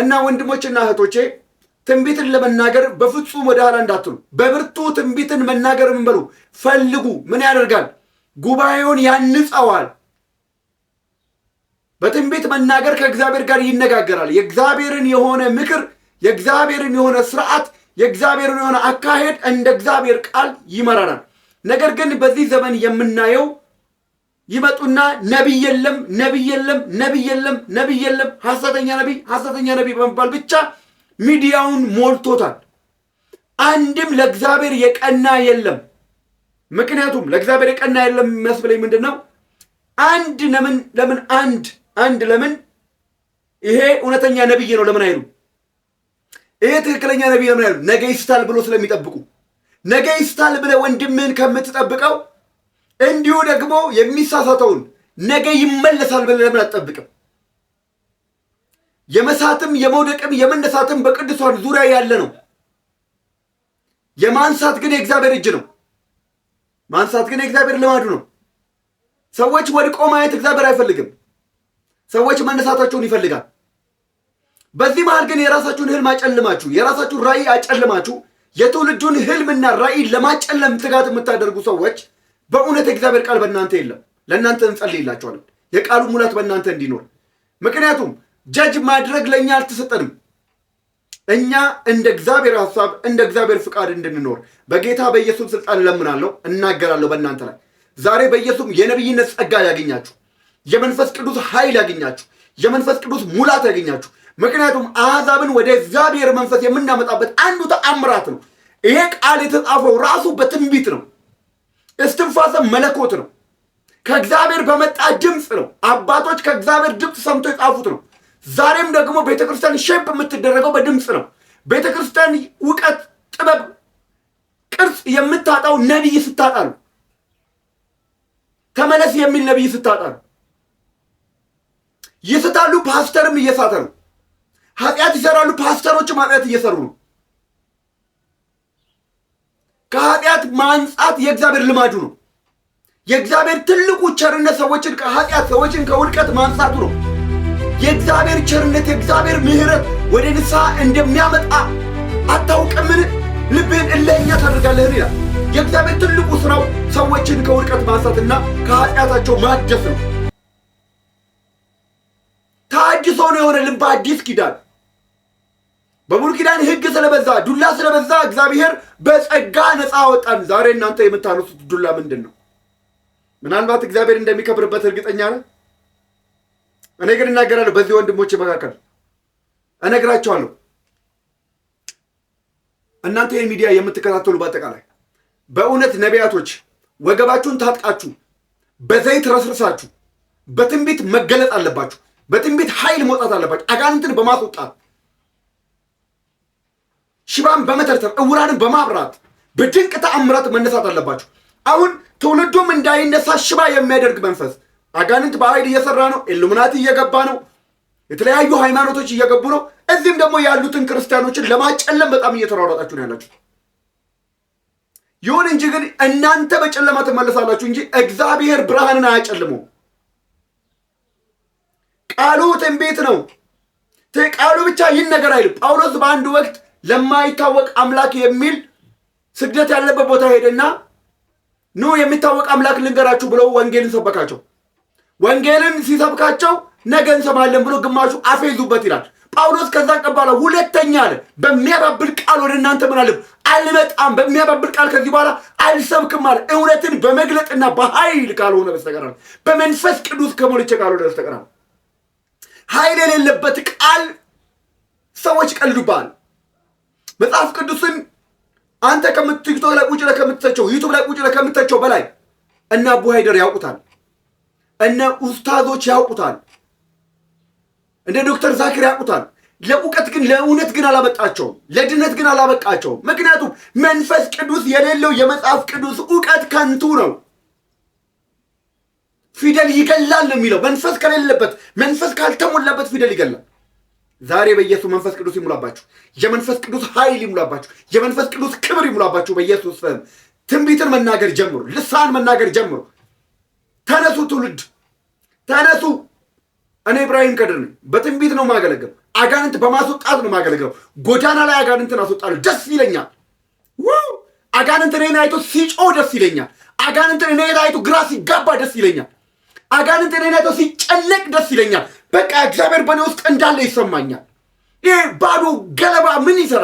እና ወንድሞችና እህቶቼ ትንቢትን ለመናገር በፍጹም ወደ ኋላ እንዳትሉ፣ በብርቱ ትንቢትን መናገር ምን ፈልጉ። ምን ያደርጋል? ጉባኤውን ያንጸዋል። በትንቢት መናገር ከእግዚአብሔር ጋር ይነጋገራል። የእግዚአብሔርን የሆነ ምክር፣ የእግዚአብሔርን የሆነ ስርዓት፣ የእግዚአብሔርን የሆነ አካሄድ እንደ እግዚአብሔር ቃል ይመራናል። ነገር ግን በዚህ ዘመን የምናየው ይመጡና ነቢይ የለም ነቢይ የለም ነቢይ የለም ነቢይ የለም፣ ሐሰተኛ ነቢይ ሐሰተኛ ነቢይ በመባል ብቻ ሚዲያውን ሞልቶታል። አንድም ለእግዚአብሔር የቀና የለም። ምክንያቱም ለእግዚአብሔር የቀና የለም የሚያስብለኝ ምንድን ነው? አንድ ለምን ለምን አንድ አንድ ለምን ይሄ እውነተኛ ነቢይ ነው ለምን አይሉ? ይሄ ትክክለኛ ነቢይ ለምን አይሉ? ነገ ይስታል ብሎ ስለሚጠብቁ ነገ ይስታል ብለ ወንድምህን ከምትጠብቀው እንዲሁ ደግሞ የሚሳሳተውን ነገ ይመለሳል ብለን ለምን አትጠብቅም? የመሳትም የመውደቅም የመነሳትም በቅዱሳን ዙሪያ ያለ ነው። የማንሳት ግን የእግዚአብሔር እጅ ነው። ማንሳት ግን የእግዚአብሔር ልማዱ ነው። ሰዎች ወድቆ ማየት እግዚአብሔር አይፈልግም። ሰዎች መነሳታቸውን ይፈልጋል። በዚህ መሃል ግን የራሳችሁን ህልም አጨልማችሁ የራሳችሁን ራዕይ አጨልማችሁ የትውልዱን ህልምና ራዕይ ለማጨለም ትጋት የምታደርጉ ሰዎች በእውነት እግዚአብሔር ቃል በእናንተ የለም። ለእናንተ እንጸልይላችኋለን የቃሉ ሙላት በእናንተ እንዲኖር። ምክንያቱም ጀጅ ማድረግ ለእኛ አልተሰጠንም። እኛ እንደ እግዚአብሔር ሐሳብ እንደ እግዚአብሔር ፍቃድ እንድንኖር በጌታ በኢየሱስ ስልጣን እለምናለሁ፣ እናገራለሁ በእናንተ ላይ ዛሬ በኢየሱስ የነቢይነት ጸጋ ያገኛችሁ፣ የመንፈስ ቅዱስ ኃይል ያገኛችሁ፣ የመንፈስ ቅዱስ ሙላት ያገኛችሁ። ምክንያቱም አሕዛብን ወደ እግዚአብሔር መንፈስ የምናመጣበት አንዱ ተአምራት ነው። ይሄ ቃል የተጻፈው ራሱ በትንቢት ነው። እስትንፋሰም መለኮት ነው። ከእግዚአብሔር በመጣ ድምፅ ነው። አባቶች ከእግዚአብሔር ድምፅ ሰምቶ የጻፉት ነው። ዛሬም ደግሞ ቤተክርስቲያን ሼፕ የምትደረገው በድምፅ ነው። ቤተክርስቲያን እውቀት፣ ጥበብ፣ ቅርጽ የምታጣው ነቢይ ስታጣ ነው። ተመለስ የሚል ነቢይ ስታጣ ነው። ይስታሉ፣ ፓስተርም እየሳተ ነው። ኃጢአት ይሰራሉ፣ ፓስተሮችም ኃጢአት እየሰሩ ነው። ከኃጢአት ማንጻት የእግዚአብሔር ልማዱ ነው። የእግዚአብሔር ትልቁ ቸርነት ሰዎችን ከኃጢአት ሰዎችን ከውድቀት ማንሳቱ ነው። የእግዚአብሔር ቸርነት የእግዚአብሔር ምሕረት ወደ ንስሐ እንደሚያመጣ አታውቅምን? ልብህን እለኛ ታደርጋለህን? ይላል። የእግዚአብሔር ትልቁ ስራው ሰዎችን ከውድቀት ማንሳትና ከኃጢአታቸው ማደስ ነው። ታድሶ ነው የሆነ ልብ አዲስ ኪዳን በሙሉ ኪዳን ህግ ስለበዛ ዱላ ስለበዛ እግዚአብሔር በጸጋ ነፃ ወጣን። ዛሬ እናንተ የምታነሱት ዱላ ምንድን ነው? ምናልባት እግዚአብሔር እንደሚከብርበት እርግጠኛ ነ እኔ ግን እናገራለሁ። በዚህ ወንድሞች መካከል እነግራቸዋለሁ። እናንተ የሚዲያ የምትከታተሉ በአጠቃላይ በእውነት ነቢያቶች ወገባችሁን ታጥቃችሁ በዘይት ረስርሳችሁ በትንቢት መገለጥ አለባችሁ። በትንቢት ኃይል መውጣት አለባችሁ። አጋንንትን በማስወጣት ሽባን በመተርተር እውራንን በማብራት በድንቅ ተአምራት መነሳት አለባችሁ። አሁን ትውልዱም እንዳይነሳ ሽባ የሚያደርግ መንፈስ አጋንንት በኃይል እየሰራ ነው። ኢሉሚናቲ እየገባ ነው። የተለያዩ ሃይማኖቶች እየገቡ ነው። እዚህም ደግሞ ያሉትን ክርስቲያኖችን ለማጨለም በጣም እየተሯሯጣችሁ ነው ያላችሁ። ይሁን እንጂ ግን እናንተ በጨለማ ትመለሳላችሁ እንጂ እግዚአብሔር ብርሃንን አያጨልመው። ቃሉ ትንቢት ነው። ቃሉ ብቻ ይህን ነገር አይልም። ጳውሎስ በአንድ ወቅት ለማይታወቅ አምላክ የሚል ስግደት ያለበት ቦታ ሄደና ኑ የሚታወቅ አምላክ ልንገራችሁ ብለው ወንጌልን ሰበካቸው። ወንጌልን ሲሰብካቸው ነገ እንሰማለን ብሎ ግማሹ አፌዙበት ይላል ጳውሎስ። ከዛ ቀባላ ሁለተኛ አለ በሚያባብል ቃል ወደ እናንተ ምን አለም አልመጣም፣ በሚያባብል ቃል ከዚህ በኋላ አልሰብክም አለ። እውነትን በመግለጥና በኃይል ካልሆነ በስተቀር በመንፈስ ቅዱስ ከሞልቼ ካልሆነ በስተቀር ኃይል የሌለበት ቃል ሰዎች ቀልዱብሃል። መጽሐፍ ቅዱስን አንተ ቲክቶክ ላይ ቁጭ ብለህ ከምትተቸው ዩቱብ ላይ ቁጭ ብለህ ከምትተቸው በላይ እነ አቡ ሃይደር ያውቁታል፣ እነ ኡስታዞች ያውቁታል፣ እንደ ዶክተር ዛኪር ያውቁታል። ለእውቀት ግን ለእውነት ግን አላበቃቸውም፣ ለድነት ግን አላበቃቸውም። ምክንያቱም መንፈስ ቅዱስ የሌለው የመጽሐፍ ቅዱስ እውቀት ከንቱ ነው። ፊደል ይገላል ነው የሚለው። መንፈስ ከሌለበት መንፈስ ካልተሞላበት ፊደል ይገላል። ዛሬ በኢየሱስ መንፈስ ቅዱስ ይሙላባችሁ። የመንፈስ ቅዱስ ኃይል ይሙላባችሁ። የመንፈስ ቅዱስ ክብር ይሙላባችሁ በኢየሱስ ስም። ትንቢትን መናገር ጀምሩ። ልሳን መናገር ጀምሩ። ተነሱ ትውልድ ተነሱ። እኔ ኢብራሂም ከድር ነኝ። በትንቢት ነው ማገለግል። አጋንንት በማስወጣት ነው ማገለግለው። ጎዳና ላይ አጋንንትን አስወጣለሁ። ደስ ይለኛል። አጋንንት እኔን አይቶ ሲጮህ ደስ ይለኛል። አጋንንት እኔን አይቶ ግራ ሲጋባ ደስ ይለኛል። አጋንንት እኔን አይቶ ሲጨለቅ ደስ ይለኛል። በቃ እግዚአብሔር በእኔ ውስጥ እንዳለ ይሰማኛል። ይህ ባዶ ገለባ ምን ይሰራል?